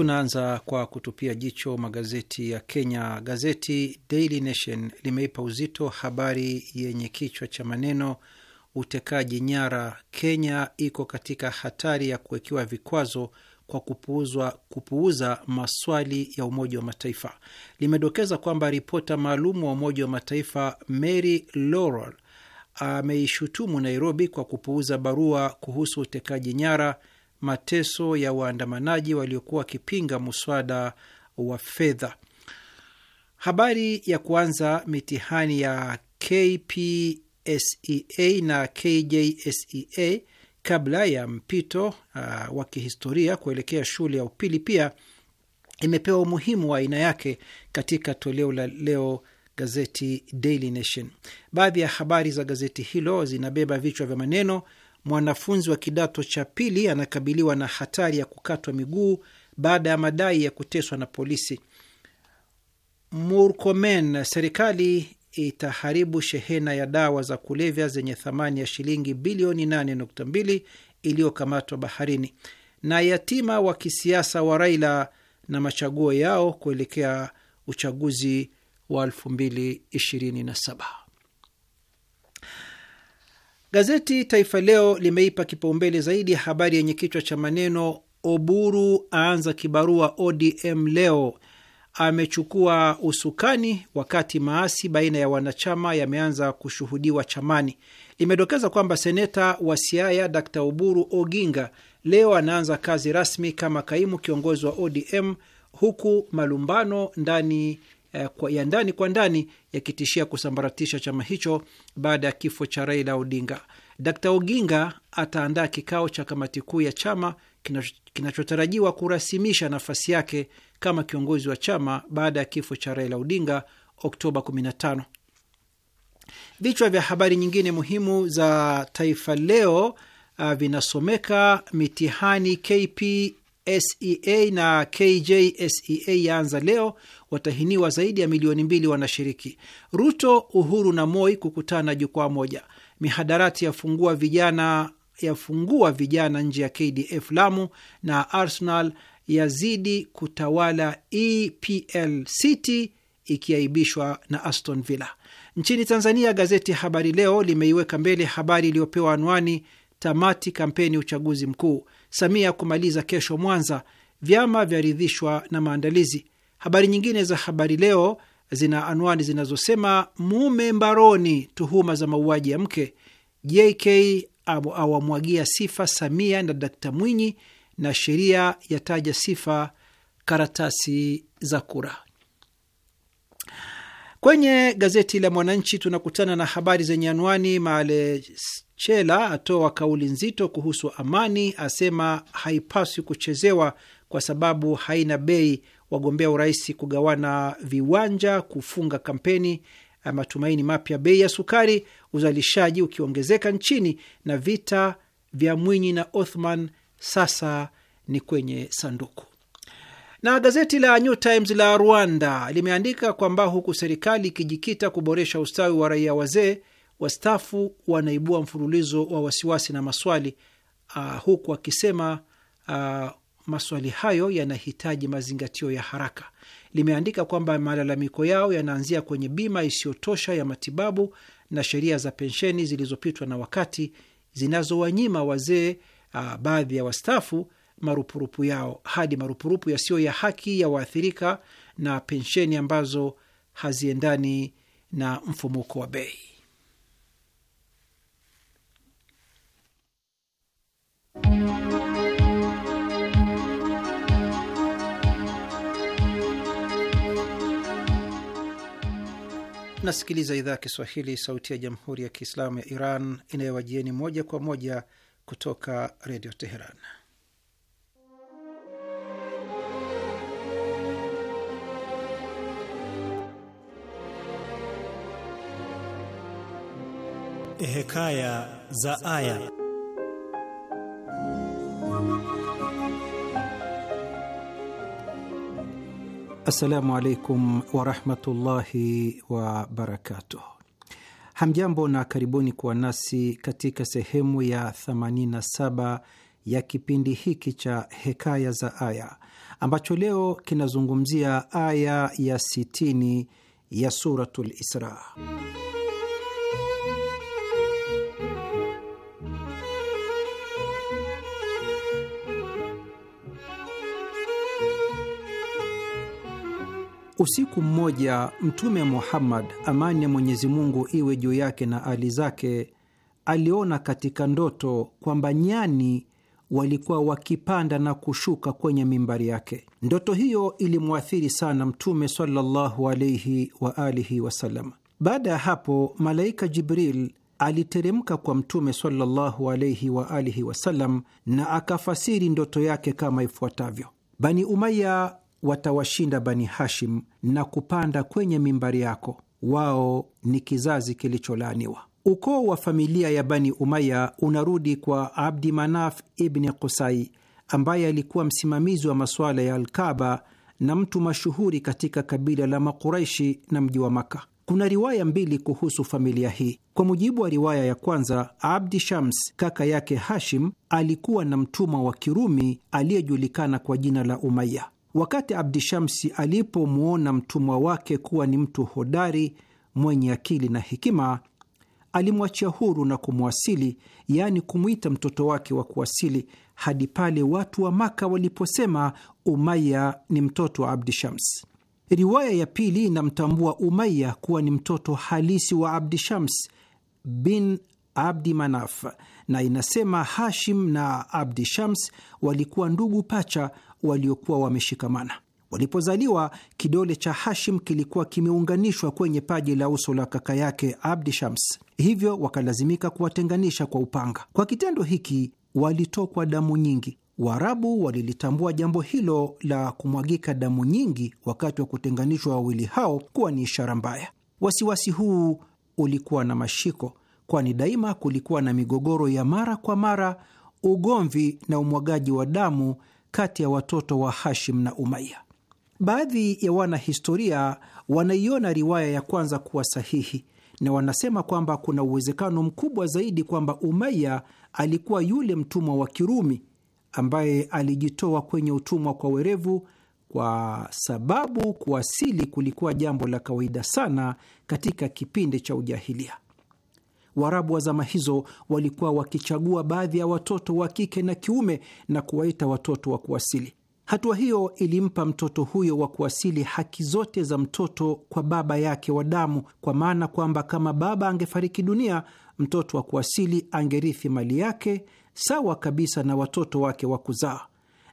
Tunaanza kwa kutupia jicho magazeti ya Kenya. Gazeti Daily Nation limeipa uzito habari yenye kichwa cha maneno utekaji nyara, Kenya iko katika hatari ya kuwekewa vikwazo kwa kupuuzwa, kupuuza maswali ya Umoja wa Mataifa. Limedokeza kwamba ripota maalum wa Umoja wa Mataifa Mary Laurel ameishutumu Nairobi kwa kupuuza barua kuhusu utekaji nyara mateso ya waandamanaji waliokuwa wakipinga muswada wa fedha. Habari ya kuanza mitihani ya KPSEA na KJSEA kabla ya mpito uh, wa kihistoria kuelekea shule ya upili pia imepewa umuhimu wa aina yake katika toleo la leo gazeti Daily Nation. Baadhi ya habari za gazeti hilo zinabeba vichwa vya maneno mwanafunzi wa kidato cha pili anakabiliwa na hatari ya kukatwa miguu baada ya madai ya kuteswa na polisi. Murkomen, serikali itaharibu shehena ya dawa za kulevya zenye thamani ya shilingi bilioni 8.2 iliyokamatwa baharini. Na yatima wa kisiasa wa Raila na machaguo yao kuelekea uchaguzi wa 2027. Gazeti Taifa Leo limeipa kipaumbele zaidi habari yenye kichwa cha maneno Oburu aanza kibarua ODM leo, amechukua usukani wakati maasi baina ya wanachama yameanza kushuhudiwa chamani. Limedokeza kwamba seneta wa Siaya Dr. Oburu Oginga leo anaanza kazi rasmi kama kaimu kiongozi wa ODM huku malumbano ndani Eh, kwa ya ndani kwa ndani yakitishia kusambaratisha chama hicho baada ya kifo cha Raila Odinga. Dkt Oginga ataandaa kikao cha kamati kuu ya chama kinachotarajiwa kurasimisha nafasi yake kama kiongozi wa chama baada ya kifo cha Raila Odinga Oktoba 15. Vichwa vya habari nyingine muhimu za Taifa Leo uh, vinasomeka mitihani KPSEA na KJSEA yaanza leo, watahiniwa zaidi ya milioni mbili wanashiriki. Ruto, Uhuru na Moi kukutana jukwaa moja. Mihadarati yafungua vijana yafungua vijana nje ya KDF Lamu, na Arsenal yazidi kutawala EPL City ikiaibishwa na Aston Villa. Nchini Tanzania, gazeti Habari Leo limeiweka mbele habari iliyopewa anwani tamati kampeni uchaguzi mkuu, Samia kumaliza kesho Mwanza, vyama vyaridhishwa na maandalizi. Habari nyingine za Habari Leo zina anwani zinazosema mume mbaroni, tuhuma za mauaji ya mke, JK awamwagia sifa Samia na Dakta Mwinyi, na sheria yataja sifa karatasi za kura. Kwenye gazeti la Mwananchi tunakutana na habari zenye anwani Malechela atoa kauli nzito kuhusu amani, asema haipaswi kuchezewa kwa sababu haina bei, wagombea urais kugawana viwanja, kufunga kampeni, eh, matumaini mapya, bei ya sukari, uzalishaji ukiongezeka nchini, na vita vya Mwinyi na Othman sasa ni kwenye sanduku. Na gazeti la New Times la Rwanda limeandika kwamba huku serikali ikijikita kuboresha ustawi wa raia wazee, wastaafu wanaibua mfululizo wa wasiwasi na maswali, uh, huku akisema uh, ah, maswali hayo yanahitaji mazingatio ya haraka. Limeandika kwamba malalamiko yao yanaanzia kwenye bima isiyotosha ya matibabu na sheria za pensheni zilizopitwa na wakati zinazowanyima wazee, uh, baadhi ya wastaafu, marupurupu yao hadi marupurupu yasiyo ya haki ya waathirika na pensheni ambazo haziendani na mfumuko wa bei. Nasikiliza idhaa ya Kiswahili, sauti ya jamhuri ya kiislamu ya Iran inayowajieni moja kwa moja kutoka redio Teheran. Hekaya za Aya. Assalamu alaikum warahmatullahi wabarakatuh. Hamjambo na karibuni kuwa nasi katika sehemu ya 87 ya kipindi hiki cha Hekaya za Aya ambacho leo kinazungumzia aya ya 60 ya Suratul Isra. Usiku mmoja Mtume Muhammad, amani ya Mwenyezi Mungu iwe juu yake na ali zake, aliona katika ndoto kwamba nyani walikuwa wakipanda na kushuka kwenye mimbari yake. Ndoto hiyo ilimwathiri sana Mtume sallallahu alaihi wa alihi wasallam. Baada ya hapo, malaika Jibril aliteremka kwa Mtume sallallahu alaihi wa alihi wasallam na akafasiri ndoto yake kama ifuatavyo: Bani Umaya watawashinda Bani Hashim na kupanda kwenye mimbari yako, wao ni kizazi kilicholaaniwa. Ukoo wa familia ya Bani Umaya unarudi kwa Abdi Manaf ibni Qusai ambaye alikuwa msimamizi wa masuala ya Alkaba na mtu mashuhuri katika kabila la Makuraishi na mji wa Maka. Kuna riwaya mbili kuhusu familia hii. Kwa mujibu wa riwaya ya kwanza, Abdi Shams kaka yake Hashim alikuwa na mtumwa wa Kirumi aliyejulikana kwa jina la Umaya. Wakati Abdishamsi alipomwona mtumwa wake kuwa ni mtu hodari mwenye akili na hekima, alimwachia huru na kumwasili, yaani kumwita mtoto wake wa kuwasili, hadi pale watu wa Maka waliposema Umaya ni mtoto wa Abdishams. Riwaya ya pili inamtambua Umaya kuwa ni mtoto halisi wa Abdishams bin Abdi Manaf na inasema Hashim na Abdi Shams walikuwa ndugu pacha waliokuwa wameshikamana. Walipozaliwa, kidole cha Hashim kilikuwa kimeunganishwa kwenye paji la uso la kaka yake Abdi Shams, hivyo wakalazimika kuwatenganisha kwa upanga. Kwa kitendo hiki walitokwa damu nyingi. Waarabu walilitambua jambo hilo la kumwagika damu nyingi wakati wa kutenganishwa wawili hao kuwa ni ishara mbaya. Wasiwasi huu ulikuwa na mashiko, kwani daima kulikuwa na migogoro ya mara kwa mara, ugomvi na umwagaji wa damu kati ya watoto wa Hashim na Umaya. Baadhi ya wanahistoria wanaiona riwaya ya kwanza kuwa sahihi na wanasema kwamba kuna uwezekano mkubwa zaidi kwamba Umaya alikuwa yule mtumwa wa Kirumi ambaye alijitoa kwenye utumwa kwa werevu, kwa sababu kuasili kulikuwa jambo la kawaida sana katika kipindi cha ujahilia. Waarabu wa zama hizo walikuwa wakichagua baadhi ya watoto wa kike na kiume na kuwaita watoto wa kuasili. Hatua hiyo ilimpa mtoto huyo wa kuasili haki zote za mtoto kwa baba yake wa damu, kwa maana kwamba kama baba angefariki dunia, mtoto wa kuasili angerithi mali yake sawa kabisa na watoto wake wa kuzaa,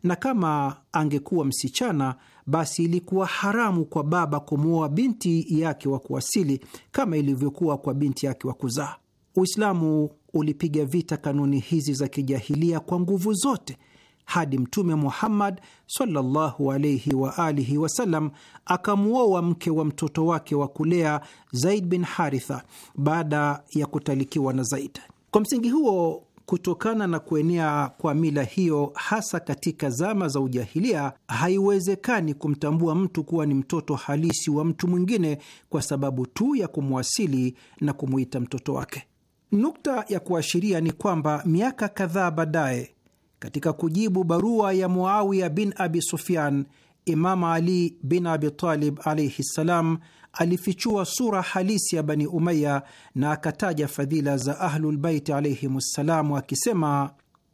na kama angekuwa msichana, basi ilikuwa haramu kwa baba kumwoa binti yake wa kuasili kama ilivyokuwa kwa binti yake wa kuzaa. Uislamu ulipiga vita kanuni hizi za kijahilia kwa nguvu zote hadi Mtume Muhammad sallallahu alaihi wa alihi wasallam akamwoa mke wa mtoto wake wa kulea Zaid bin Haritha baada ya kutalikiwa na Zaid. Kwa msingi huo, kutokana na kuenea kwa mila hiyo hasa katika zama za ujahilia, haiwezekani kumtambua mtu kuwa ni mtoto halisi wa mtu mwingine kwa sababu tu ya kumwasili na kumwita mtoto wake. Nukta ya kuashiria ni kwamba miaka kadhaa baadaye, katika kujibu barua ya Muawiya bin Abi Sufyan, Imam Ali bin Abi Talib alaihi ssalam alifichua sura halisi ya Bani Umaya na akataja fadhila za Ahlulbaiti alaihim ssalam, akisema: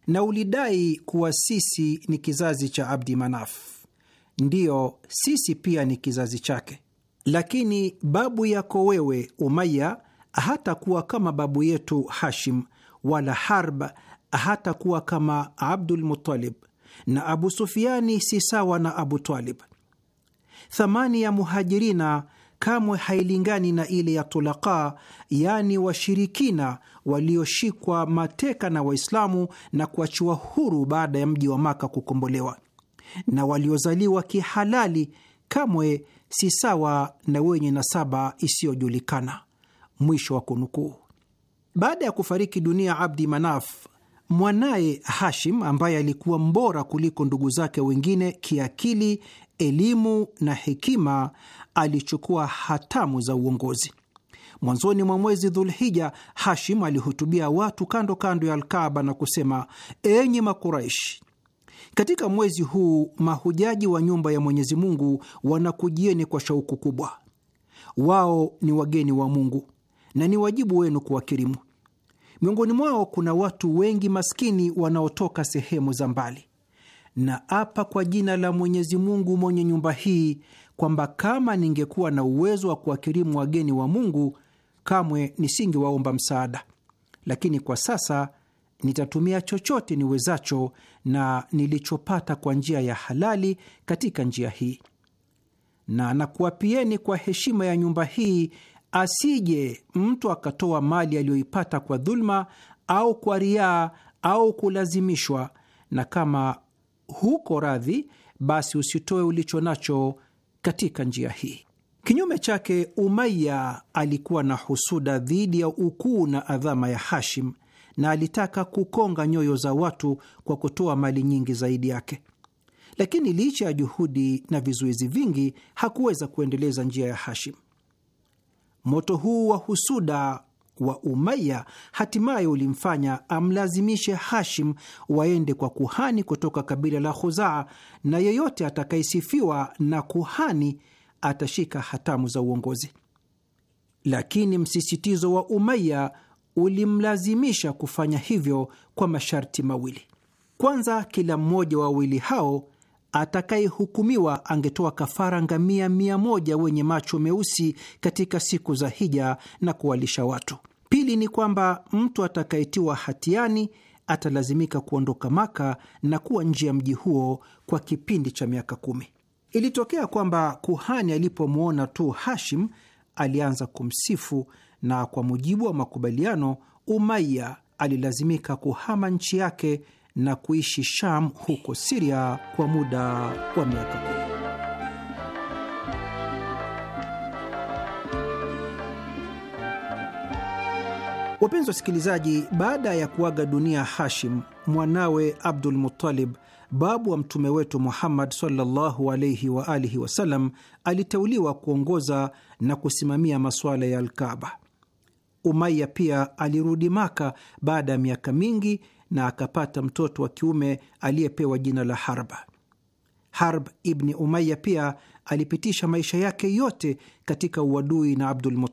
na ulidai kuwa sisi ni kizazi cha Abdi Manaf, ndiyo sisi pia ni kizazi chake, lakini babu yako wewe Umaya hata kuwa kama babu yetu Hashim, wala Harb hata kuwa kama Abdul Muttalib, na Abu Sufiani si sawa na Abu Talib. Thamani ya Muhajirina kamwe hailingani na ile ya tulaka, yaani washirikina walioshikwa mateka na Waislamu na kuachiwa huru baada ya mji wa Maka kukombolewa, na waliozaliwa kihalali kamwe si sawa na wenye nasaba isiyojulikana. Mwisho wa kunukuu. Baada ya kufariki dunia Abdi Manaf, mwanaye Hashim ambaye alikuwa mbora kuliko ndugu zake wengine kiakili, elimu na hekima, alichukua hatamu za uongozi. Mwanzoni mwa mwezi Dhulhija, Hashim alihutubia watu kando kando ya alkaba na kusema, enyi Makuraishi, katika mwezi huu mahujaji wa nyumba ya Mwenyezi Mungu wanakujieni kwa shauku kubwa. Wao ni wageni wa Mungu na ni wajibu wenu kuwakirimu. Miongoni mwao kuna watu wengi maskini wanaotoka sehemu za mbali, na apa kwa jina la Mwenyezi Mungu mwenye nyumba hii kwamba kama ningekuwa na uwezo wa kuwakirimu wageni wa Mungu kamwe nisingewaomba msaada, lakini kwa sasa nitatumia chochote niwezacho na nilichopata kwa njia ya halali katika njia hii, na nakuapieni kwa heshima ya nyumba hii asije mtu akatoa mali aliyoipata kwa dhuluma au kwa riaa au kulazimishwa, na kama huko radhi, basi usitoe ulicho nacho katika njia hii. Kinyume chake, Umaya alikuwa na husuda dhidi ya ukuu na adhama ya Hashim na alitaka kukonga nyoyo za watu kwa kutoa mali nyingi zaidi yake, lakini licha ya juhudi na vizuizi vingi hakuweza kuendeleza njia ya Hashim. Moto huu wa husuda wa Umaya hatimaye ulimfanya amlazimishe Hashim waende kwa kuhani kutoka kabila la Khuzaa, na yeyote atakayesifiwa na kuhani atashika hatamu za uongozi. Lakini msisitizo wa Umaya ulimlazimisha kufanya hivyo kwa masharti mawili. Kwanza, kila mmoja wa wawili hao atakayehukumiwa angetoa kafara ngamia mia moja wenye macho meusi katika siku za hija na kuwalisha watu. Pili ni kwamba mtu atakayetiwa hatiani atalazimika kuondoka Maka na kuwa nje ya mji huo kwa kipindi cha miaka kumi. Ilitokea kwamba kuhani alipomwona tu Hashim alianza kumsifu, na kwa mujibu wa makubaliano, Umaya alilazimika kuhama nchi yake na kuishi Sham huko Siria kwa muda wa miaka kumi. Wapenzi wasikilizaji, baada ya kuaga dunia Hashim mwanawe Abdul Muttalib, babu wa mtume wetu Muhammad sallallahu alaihi wa alihi wasallam, aliteuliwa kuongoza na kusimamia masuala ya Alkaba. Umaya pia alirudi Maka baada ya miaka mingi na akapata mtoto wa kiume aliyepewa jina la Harba. Harb ibni Umaya pia alipitisha maisha yake yote katika uadui na Abdul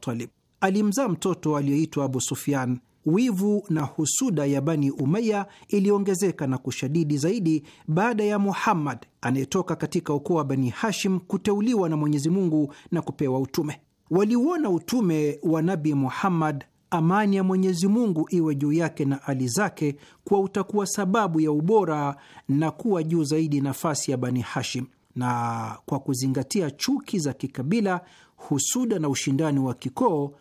Alimzaa mtoto aliyeitwa Abu Sufyan. Wivu na husuda ya Bani Umaya iliongezeka na kushadidi zaidi baada ya Muhammad anayetoka katika ukoo wa Bani Hashim kuteuliwa na Mwenyezi Mungu na kupewa utume. Waliuona utume wa Nabi Muhammad amani ya Mwenyezi Mungu iwe juu yake na ali zake, kuwa utakuwa sababu ya ubora na kuwa juu zaidi nafasi ya Bani Hashim, na kwa kuzingatia chuki za kikabila, husuda na ushindani wa kikoo,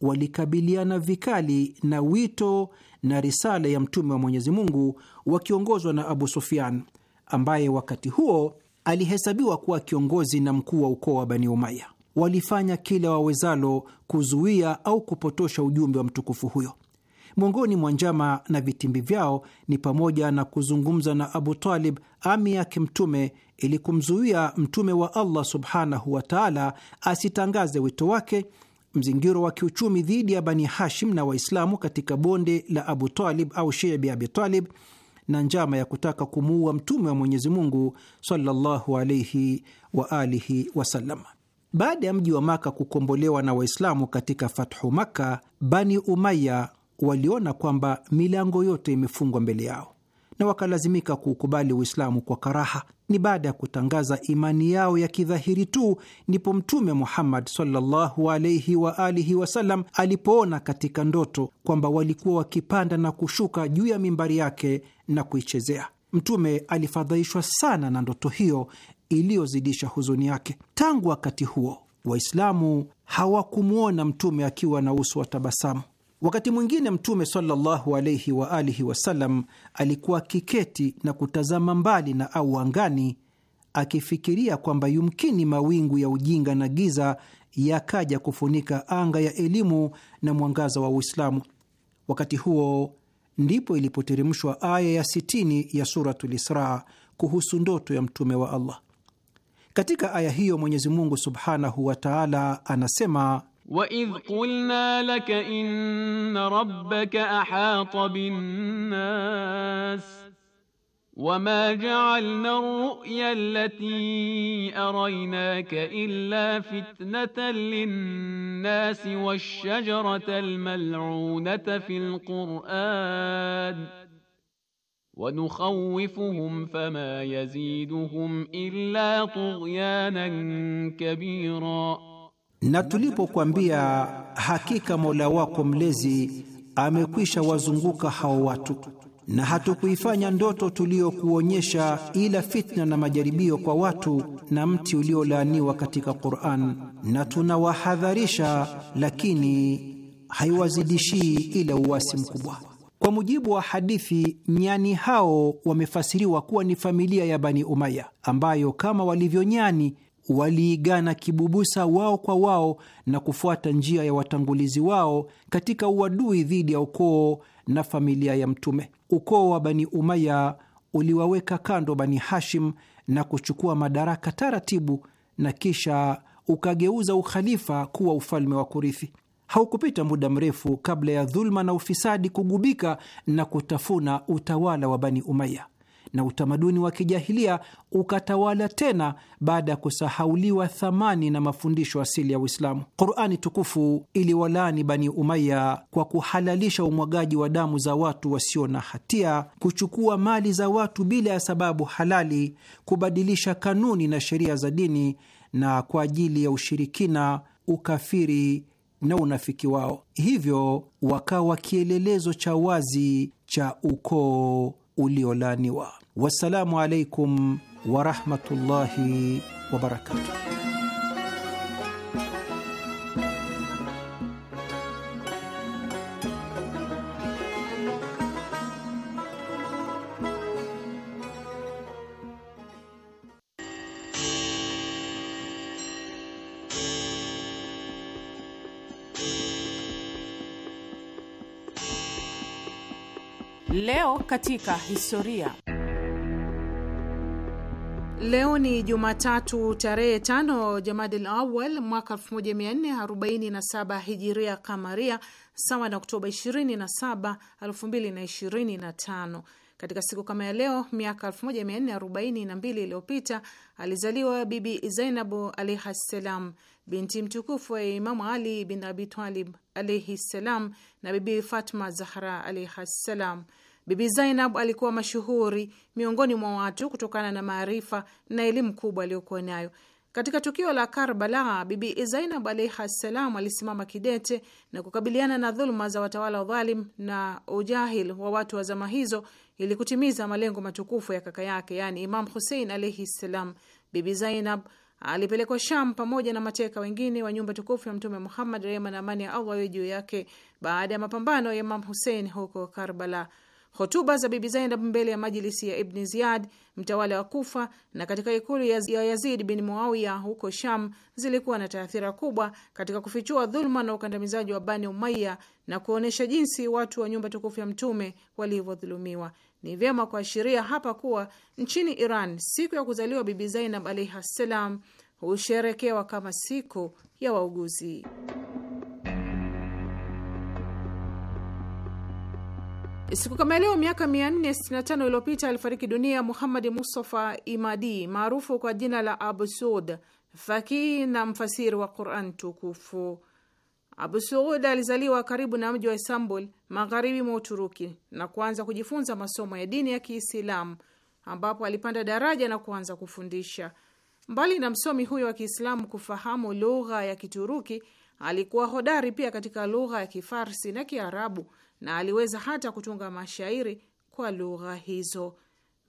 walikabiliana vikali na wito na risala ya Mtume wa Mwenyezi Mungu wakiongozwa na Abu Sufyan ambaye wakati huo alihesabiwa kuwa kiongozi na mkuu wa ukoo wa Bani Umaya walifanya kila wawezalo kuzuia au kupotosha ujumbe wa mtukufu huyo. Miongoni mwa njama na vitimbi vyao ni pamoja na kuzungumza na Abu Talib, ami yake Mtume, ili kumzuia Mtume wa Allah subhanahu wa taala asitangaze wito wake, mzingiro wa kiuchumi dhidi ya Bani Hashim na Waislamu katika bonde la Abu Talib au shiibi Abi Talib, na njama ya kutaka kumuua Mtume wa Mwenyezi Mungu sallallahu alaihi waalihi wasallam. Baada ya mji wa Maka kukombolewa na Waislamu katika fathu maka Bani Umaya waliona kwamba milango yote imefungwa mbele yao na wakalazimika kuukubali Uislamu kwa karaha. Ni baada ya kutangaza imani yao ya kidhahiri tu ndipo Mtume Muhammad sallallahu alaihi wa alihi wasallam alipoona katika ndoto kwamba walikuwa wakipanda na kushuka juu ya mimbari yake na kuichezea. Mtume alifadhaishwa sana na ndoto hiyo iliyozidisha huzuni yake. Tangu wakati huo Waislamu hawakumwona mtume akiwa na uso wa tabasamu. Wakati mwingine mtume sallallahu alaihi wa alihi wasallam alikuwa akiketi na kutazama mbali na au angani, akifikiria kwamba yumkini mawingu ya ujinga na giza yakaja kufunika anga ya elimu na mwangaza wa Uislamu. Wakati huo ndipo ilipoteremshwa aya ya 6 ya Suratul Isra kuhusu ndoto ya mtume wa Allah. Katika aya hiyo Mwenyezi Mungu subhanahu wa taala anasema waidh qulna laka inna rabbaka ahata binnas wama jaalna ruya allati araynaka illa fitnatan linnasi washajarata almal'unata fil Qur'an ونخوفهم فما يزيدهم إلا طغيانا كبيرا na tulipokwambia hakika Mola wako mlezi amekwisha wazunguka hao watu, na hatukuifanya ndoto tuliyokuonyesha ila fitna na majaribio kwa watu na mti uliolaaniwa katika Qur'an, na tunawahadharisha, lakini haiwazidishii ila uasi mkubwa. Kwa mujibu wa hadithi, nyani hao wamefasiriwa kuwa ni familia ya Bani Umaya ambayo kama walivyo nyani waliigana kibubusa wao kwa wao na kufuata njia ya watangulizi wao katika uadui dhidi ya ukoo na familia ya Mtume. Ukoo wa Bani Umaya uliwaweka kando Bani Hashim na kuchukua madaraka taratibu, na kisha ukageuza ukhalifa kuwa ufalme wa kurithi. Haukupita muda mrefu kabla ya dhuluma na ufisadi kugubika na kutafuna utawala wa Bani Umaya, na utamaduni wa kijahilia ukatawala tena baada ya kusahauliwa thamani na mafundisho asili ya Uislamu. Qurani tukufu iliwalaani Bani Umaya kwa kuhalalisha umwagaji wa damu za watu wasio na hatia, kuchukua mali za watu bila ya sababu halali, kubadilisha kanuni na sheria za dini, na kwa ajili ya ushirikina, ukafiri na unafiki wao, hivyo wakawa kielelezo cha wazi cha ukoo uliolaniwa. Wassalamu alaikum warahmatullahi wabarakatuh. Leo katika historia. Leo ni Jumatatu tarehe tano Jamadil Awal mwaka 1447 Hijiria Kamaria, sawa na Oktoba 27, 2025. Katika siku kama ya leo miaka 1442 iliyopita alizaliwa Bibi Zainabu alaihi ssalam, binti mtukufu wa Imamu Ali bin abitalib alaihi ssalam na Bibi Fatma Zahra alaihi ssalam. Bibi Zainab alikuwa mashuhuri miongoni mwa watu kutokana na maarifa na elimu kubwa aliyokuwa nayo. Katika tukio la Karbala, Bibi Zainab alaihi ssalam alisimama kidete na kukabiliana na dhuluma za watawala dhalim na ujahil wa watu wa zama hizo ili kutimiza malengo matukufu ya kaka yake, yani Imam Husein alaihi ssalam. Bibi Zainab alipelekwa Sham pamoja na mateka wengine wa nyumba tukufu ya Mtume Muhammad, rehma na amani ya Allah iwe juu yake, baada ya mapambano ya Imam Husein huko Karbala. Hotuba za Bibi Zainab mbele ya majilisi ya Ibni Ziyad, mtawala wa Kufa, na katika ikulu ya Yazid bin Muawiya huko Sham zilikuwa na taathira kubwa katika kufichua dhuluma na ukandamizaji wa Bani Umaya na kuonyesha jinsi watu wa nyumba tukufu ya Mtume walivyodhulumiwa. Ni vyema kuashiria hapa kuwa nchini Iran siku ya kuzaliwa Bibi Zainab alaihi ssalam husherekewa kama siku ya wauguzi. Siku kama leo miaka 465 iliyopita alifariki dunia Muhammad Mustafa Imadi maarufu kwa jina la Abu Suud, fakihi na mfasiri wa Quran tukufu. Abu Suud alizaliwa karibu na mji wa Istanbul, magharibi mwa Uturuki, na kuanza kujifunza masomo ya dini ya Kiislamu, ambapo alipanda daraja na kuanza kufundisha. Mbali na msomi huyo wa Kiislamu kufahamu lugha ya Kituruki, alikuwa hodari pia katika lugha ya Kifarsi na Kiarabu na aliweza hata kutunga mashairi kwa lugha hizo.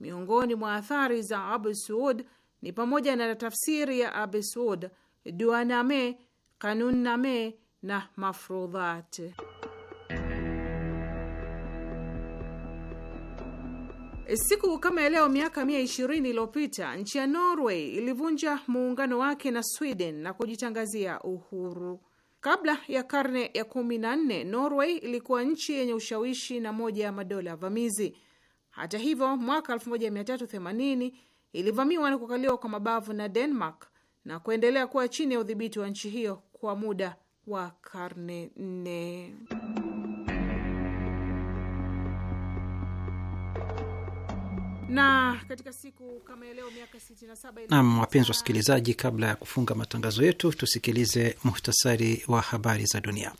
Miongoni mwa athari za Abu Suud ni pamoja na tafsiri ya Abu Suud, Duaname, Kanunname na Mafrudhat. Siku kama leo miaka mia ishirini iliyopita nchi ya Norway ilivunja muungano wake na Sweden na kujitangazia uhuru. Kabla ya karne ya kumi na nne Norway ilikuwa nchi yenye ushawishi na moja ya madola vamizi. Hata hivyo, mwaka 1380 ilivamiwa na kukaliwa kwa mabavu na Denmark na kuendelea kuwa chini ya udhibiti wa nchi hiyo kwa muda wa karne nne. na katika siku kama leo miaka 67 nam. Wapenzi wasikilizaji, kabla ya kufunga matangazo yetu, tusikilize muhtasari wa habari za dunia.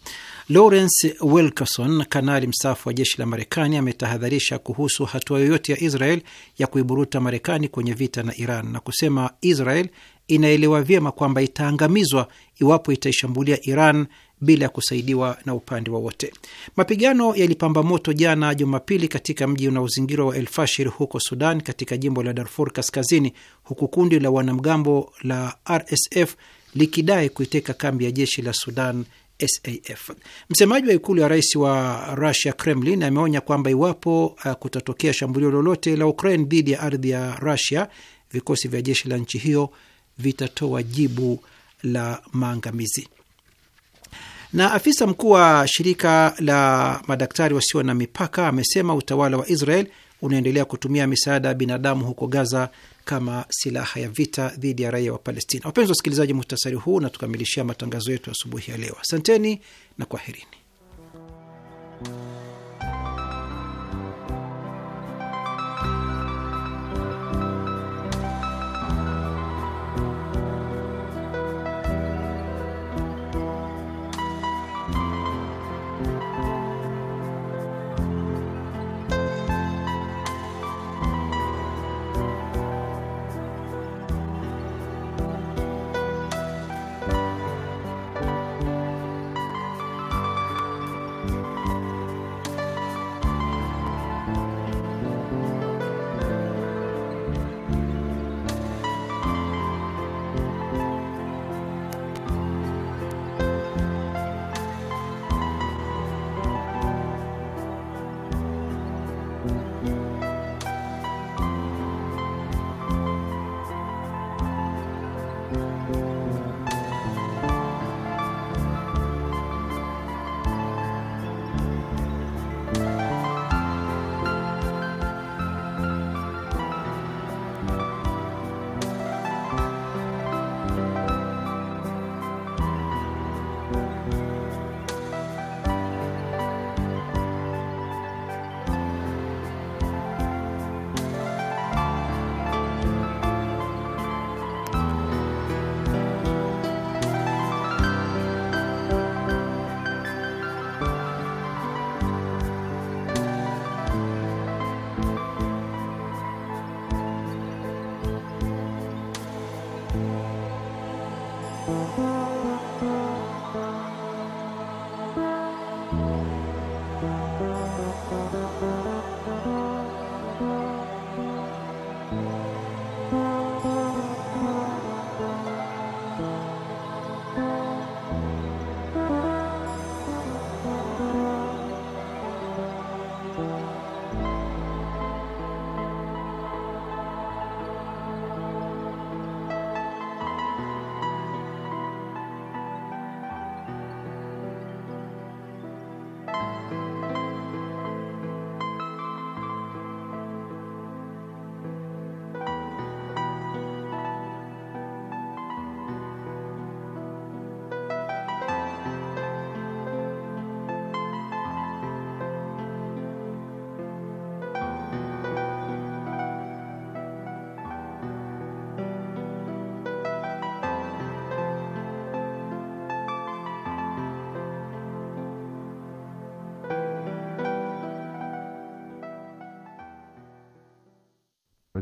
Lawrence Wilkerson, kanali mstaafu wa jeshi la Marekani, ametahadharisha kuhusu hatua yoyote ya Israel ya kuiburuta Marekani kwenye vita na Iran na kusema Israel inaelewa vyema kwamba itaangamizwa iwapo itaishambulia Iran bila ya kusaidiwa na upande wowote. Mapigano yalipamba moto jana Jumapili katika mji unaozingirwa wa elfashir huko Sudan, katika jimbo la Darfur Kaskazini, huku kundi la wanamgambo la RSF likidai kuiteka kambi ya jeshi la Sudan SAF. Msemaji wa ikulu ya rais wa Russia, Kremlin, ameonya kwamba iwapo uh, kutatokea shambulio lolote la Ukraine dhidi ya ardhi ya Russia, vikosi vya jeshi la nchi hiyo vitatoa jibu la maangamizi. Na afisa mkuu wa shirika la madaktari wasio na mipaka amesema utawala wa Israel unaendelea kutumia misaada ya binadamu huko Gaza kama silaha ya vita dhidi ya raia wa Palestina. Wapenzi wasikilizaji, muhtasari huu unatukamilishia matangazo yetu asubuhi ya leo. Asanteni na kwaherini.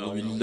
en 2009.